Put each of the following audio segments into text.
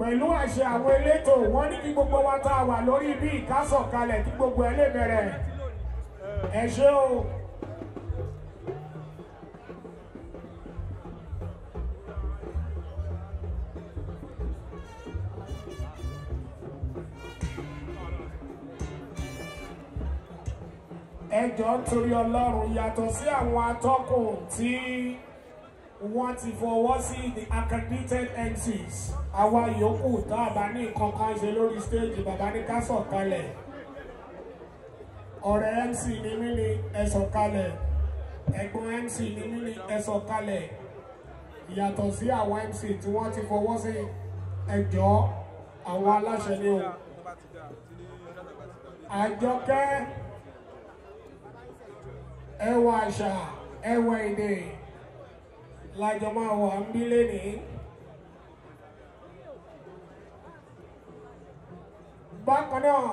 pẹ̀lú àṣẹ àwọn elétò wọ́n ní kí gbogbo wa tá a wà lórí ibi ìkásọ̀kalẹ̀ kí gbogbo ẹ lè bẹ̀rẹ̀ ẹ ṣé o. ẹjọ́ torí ọlọ́run yàtọ̀ sí àwọn atọ́kùn tí wọ́n ti fọwọ́ sí the accredited entities àwa yòókù tá a bá ní nǹkan kan ṣe lórí stéèjì bàbá ní ká sọ̀kalẹ̀ ọ̀rẹ́ mc ni mí ni ẹ ẹ̀gbọ́n mc ni mí ni ẹ sọ̀kalẹ̀ sí àwọn mc tí wọ́n ti fọwọ́ sí ẹjọ́ àwọn aláṣẹ ni o àjọkẹ́ ẹwà àṣà ẹwà èdè lájọ máa wà ń bákan náà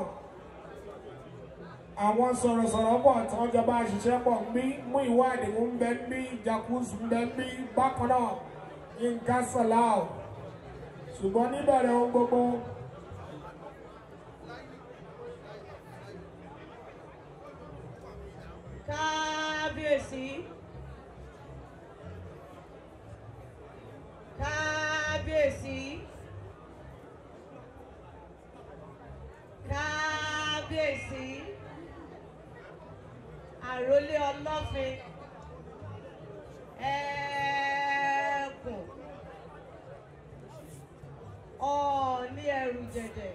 àwọn sọ̀rọ̀sọ̀rọ̀ bọ̀ tí wọ́n jọba àṣìṣe pọ̀ ń bí mú ìwádìí ń bẹ ń bí jacuz ń bẹ ń bí bákan náà Yínká Sàláù ṣùgbọ́n níbẹ̀rẹ̀ ohun gbogbo. Kábíyèsí. Love ẹ̀ẹ̀kùn ọ̀ọ́ni ẹ̀rù jẹ̀jẹ̀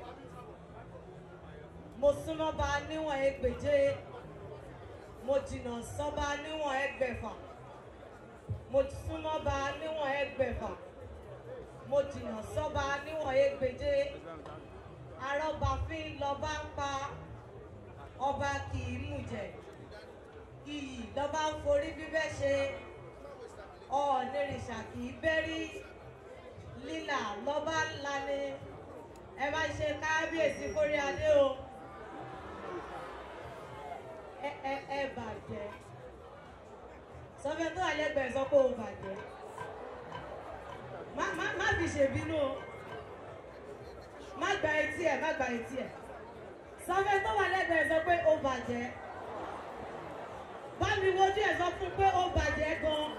mo súnmọ́ bá níwọ̀n ẹgbèje mo jìnnà sọ́ba níwọ̀n ẹgbẹ̀fà mo súnmọ́ bá níwọ̀n ẹgbẹ̀fà mo jìnnà sọ́ba níwọ̀n ẹgbèje arọ́bàfin lọ́ba ń pa ọba kì í mú jẹ iyì lọ́ba ń forí bíbẹ́ ṣe ọ̀ọ́nìrìṣà kì í bẹ́rí lílà lọ́ba ńlá ni ẹ bá ṣe káábíyèsí forí adé o ẹ ẹ ẹ bàjẹ́ sọfẹ́ tó àlẹ́gbẹ̀ẹ́ sọ pé òun bàjẹ́ má má má fi ṣèbínú o má gba etí ẹ̀ má gba etí ẹ̀ sọfẹ́ tó wà lẹ́gbẹ̀ẹ́ sọ pé ó bàjẹ́ bá mi wojú ẹ̀ sọ fún pé ó bàjẹ́ gan-an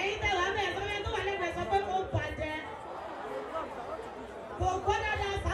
ẹ̀yin tẹ̀ wá bẹ́ẹ̀ sọ fún ẹ tó wà lẹ́gbẹ̀ẹ́ sọ pé ó bàjẹ́ kò gbọ́dọ̀ dá sá.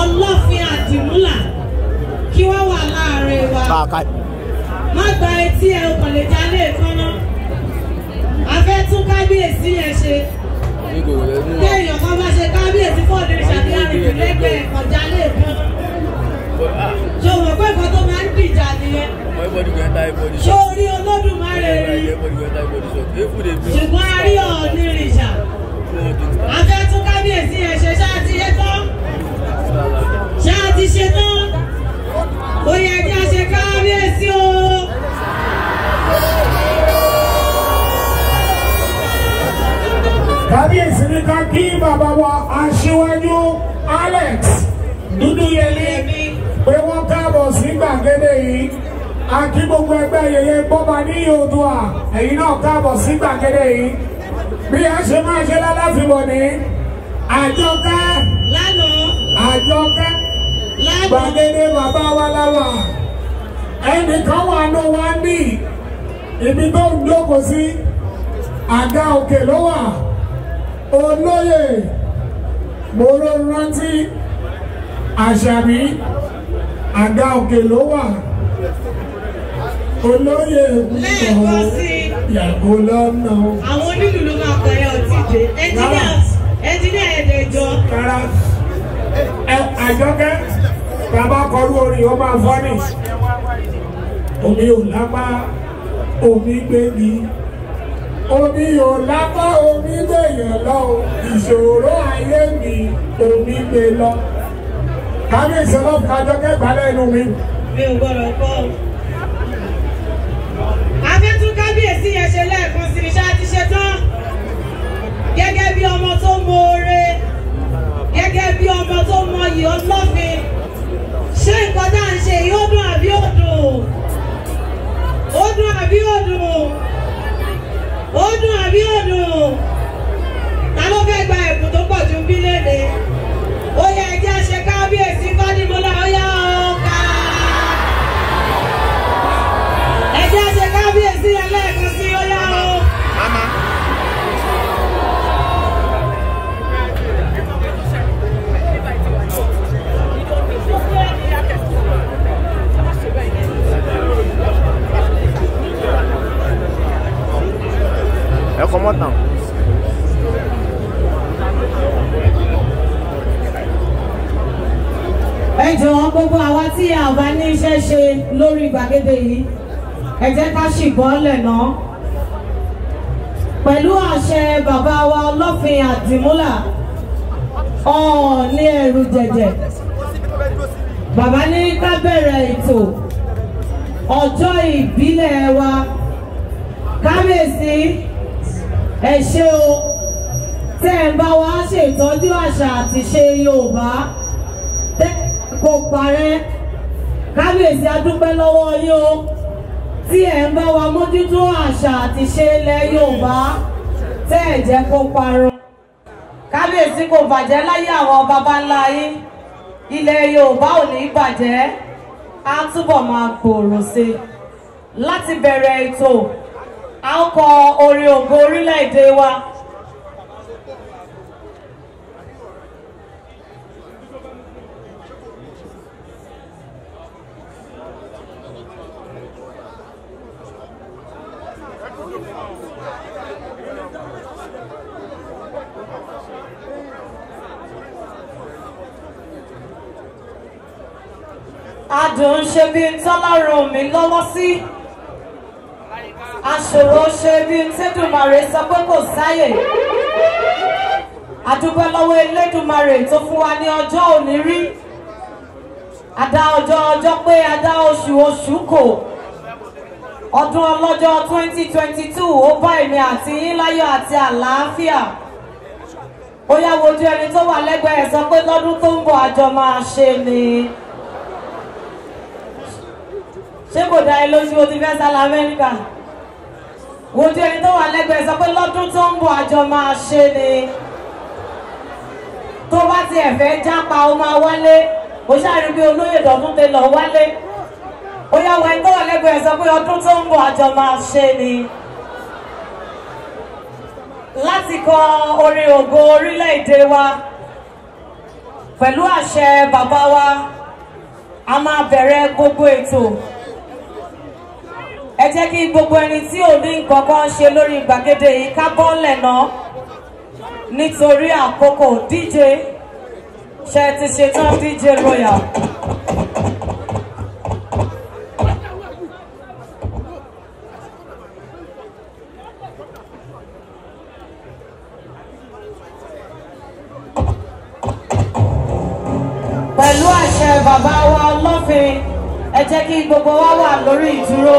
ọlọ́fin àdìmúlà kí wọ́n wà láàárín wa. má gba etí ẹ o kàn lè já lé ìkànnà a fẹ́ tún kábíyèsí yẹn ṣe. bí èèyàn kan bá ṣe kábíyèsí fọ́ọ̀dù ìṣàbí àrùn lẹ́gbẹ̀ẹ́ kọjá lé ìkànnà. ṣé o mọ̀ pé nǹkan tó máa ń dìjà nìyẹn. ṣé o rí olódùmarè rí. ṣùgbọ́n a rí ọ̀ọ́nì rìṣà. a fẹ́ ká kí bàbá wa aṣíwájú Alex Dúdúyẹmí pé wọ́n káàbọ̀ sí gbàgede yìí a kí gbogbo ẹgbẹ́ yẹyẹ gbọ́ba ní Oòduà ẹ̀yin náà káàbọ̀ sí gbàgede yìí bí a ṣe máa ṣe lálàfíìmọ̀ ní àjọkẹ́ àjọkẹ́ gbàgede bàbá wa lára ẹnìkan wà ní wa ní ibi tó ń jókòó sí àga òkè ló wà olóyè mòró rántí àṣàbí àga òkè ló wà olóyè ìgbìmọ̀ yàgò lọ́nà. àwọn onílù ló máa pẹ̀rẹ̀ ọtí dé ẹnjíníà ẹnjíníà ẹ̀ẹ́dẹ̀jọ. rárá ẹ àjọkẹ́ bàbá kọrú orin ó máa fọ́ ni omi ò lápá omi gbégi omi ò lápá omi gbèyàn lọ o ìṣòro ayé mi omi gbé lọ. kábíyèsí ọlọ́pàá àjọ kẹgbàá lẹ́nu mi. mi ò gbọ́dọ̀ gbọ́ o. afẹ́tún kábíyèsí yẹn ṣe lẹ́ẹ̀kan sí iṣẹ́ àti ṣetán gẹ́gẹ́ bí ọmọ tó comot am. ẹ jọ̀wọ́ gbogbo àwa tí a bá ní iṣẹ́ ṣe lórí gbàgede yìí ẹ jẹ́ ká ṣì bọ́lẹ̀ náà pẹ̀lú àṣẹ bàbá wa ọlọ́fin àdìmúlà ọ̀ọ́ni ẹ̀rù jẹ̀jẹ̀ bàbá ní ká bẹ̀rẹ̀ ètò ọjọ́ ìbílẹ̀ wa kábíyèsí ẹ ṣé o tẹ́ ẹ bá wa ṣètọ́jú àṣà àti ṣe Yorùbá tẹ́ kò parẹ́ kábíyèsí adúpẹ́ lọ́wọ́ yín o tí ẹ ń bá wa mójútó àṣà àti ṣe ilẹ̀ Yorùbá tẹ́ ẹ jẹ́ kó parun kábíyèsí kò bàjẹ́ láyé àwọn baba ńlá yín ilẹ̀ Yorùbá ò ní bàjẹ́ á túbọ̀ máa gbòòrò sí i láti bẹ̀rẹ̀ ètò à ń kọ orin ògo orílẹ̀-èdè wa. adùn ṣe bí tọ́lọ́run mi lọ́wọ́ sí. àṣòro ṣe bí tẹ́dùmarè sọ pé kò sáyè àdúpẹ́ lọ́wọ́ elédùmarè tó fún wa ní ojo òní rí àdá ọjọ́ ọjọ́ pé àdá oṣù oṣù ọdún ọlọ́jọ́ 2022 ó bá èmi àti yín láyọ̀ àti àlàáfíà ó yá wojú ẹni tó wà lẹ́gbẹ̀ẹ́ sọ pé lọ́dún tó ń bọ̀ àjọ máa ṣe ni ṣé kò dá ẹ lójú o ti fẹ́ sálà Amẹ́ríkà. ojú ẹni tó wà lẹ́gbẹ̀ẹ́ sọ pé lọ́dún tó ń bọ̀ àjọ máa ṣe ni tó bá tiẹ̀ fẹ́ jápa ó máa wálé ó ṣàrí bí olóyè dọ̀tún tẹ lọ wálé ó yá wọ ẹni tó wà lẹ́gbẹ̀ẹ́ sọ pé ọdún tó ń bọ̀ àjọ máa ṣe ni láti kọ orin ògo orílẹ̀-èdè wa pẹ̀lú àṣẹ bàbá wa a máa bẹ̀rẹ̀ gbogbo ètò ẹ jẹ́ kí gbogbo ẹni tí ò ní nǹkan kan ṣe lórí gbàgede yìí ká bọ́ọ̀lẹ̀ náà nítorí àkókò DJ ṣe ti ṣetán DJ Royal. pẹ̀lú àṣẹ bàbá wa ọlọ́fin ẹ jẹ́ kí gbogbo wa wà lórí ìdúró.